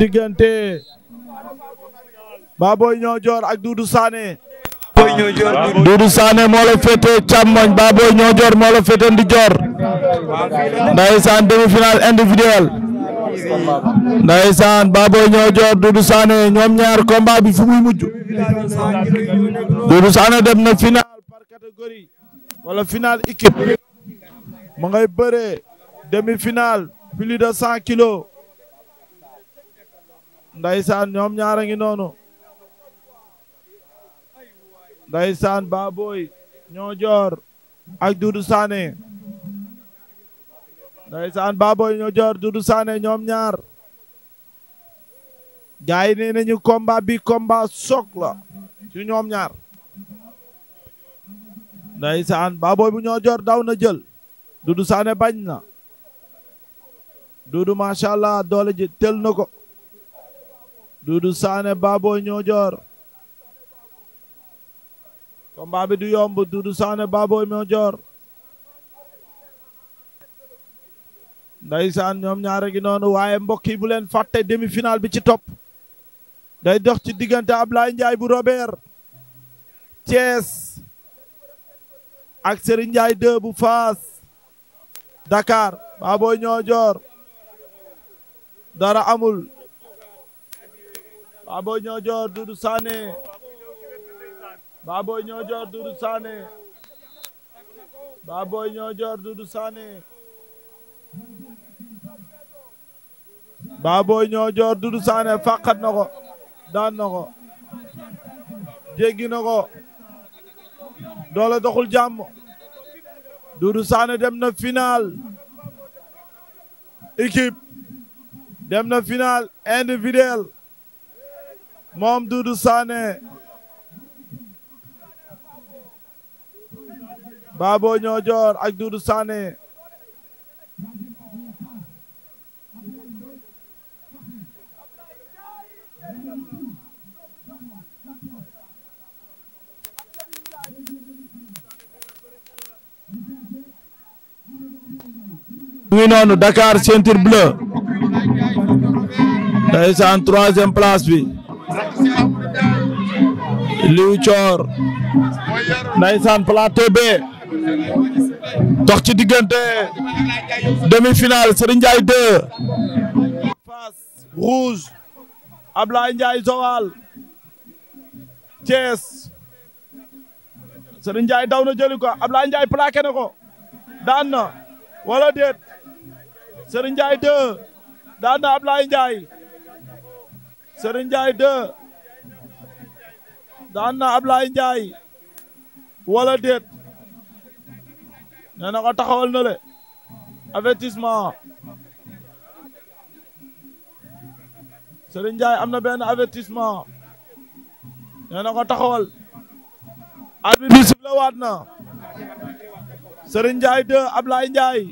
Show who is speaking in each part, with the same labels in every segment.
Speaker 1: diggante Baboy Ñoojoor ak Doudou Sané. Doudou Sané moo la féete càmmoñ Baboy Ñoojoor moo la féete ndijoor. Ndeysaan demi-finale individuelle. Ndeysaan Baboy Ñoojoor Doudou Sané ñoom ñaar combat bi fu muy mujj. Doudou Sané dem par catégorie wala finale équipe. ma ngay bëree demi-finale plus de cent kilos. saan ñoom ñaara ngi noonu ndaysaan Baboy ñoo joor ak Dudu Sané ndaysaan Baboy ñoo joor Dudu Sané ñoom ñaar gaa yi nee nañu combat bi combat soog la ci ñoom ñaar ndaysaan Baboy bu ñoo joor daw na jël Dudu saane bañ na Dudu macha allah doole ji tel na ko Doudou Sané Baboy Niodior combat bi du yomb Doudou Sané Baboy Niodior ndeysaan ñoom ñaare gi noonu waaye mbokk yi bu leen fàtte demi-finale bi ci topp day dox ci diggante Ablaye Ndiaye bu Robert Thiès ak Serigne Ndiaye 2 bu Faas dakaar Baboy Niodior dara amul Baboy Niodior Doudou Sané Baboy Niodior Doudou Sané Baboy Niodior Doudou Sané Baboy Niodior na ko daan na ko jéggi na ko doole doxul jàmm Doudou Sané dem na final équipe dem na final individuel moom Doudou Sané Baboy Niodior ak Doudou Sané mu ngi noonu Dakar ceinture bleue ndeysaan troisième place bi Liw Coor ndaysaan B dox ci diggante demi-finale Serigne Ndiaye 2 Fass Rouge Ablaye Ndiaye Joal Thiès Serigne Ndiaye daw ko Ablaye Ndiaye plaqué na ko daan na wala déet Serigne Ndiaye 2 daan na Ablaye Ndiaye Serigne Ndiaye 2 daan na Ablaye Ndiaye wala déet nee ko taxawal na le avertissement Serigne Ndiaye am na benn avertissement nee na ko taxawal arbitre bi sifle waat na Serigne Ndiaye 2 Ablaye Ndiaye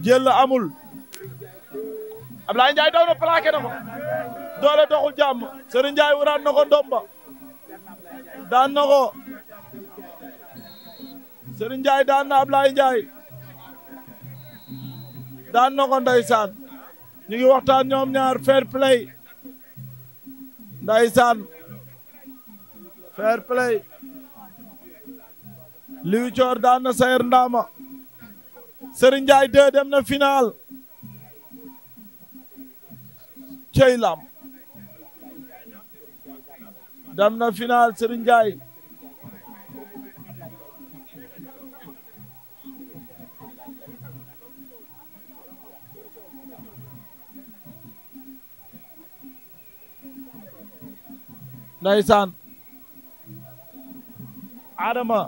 Speaker 1: jël amul Ablaye Ndiaye daw na plaqué na ko doole taxul jàmm Serigne Ndiaye wuraan na ko domba daan na ko daan na Ablaye daan na ko ndeysaan ñu waxtaan ñoom ñaar fair play ndeysaan fair play Liu daan na Sayer Ndama Serigne Ndiaye na final cey dem na final Serigne Ndiaye Ndeysaan Adama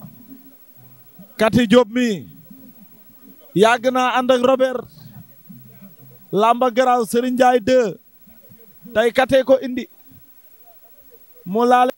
Speaker 1: Kati Diop mi yàgg na ànd ak Robert Lamba Garaaw Serigne Ndiaye 2 tey katee indi moo laale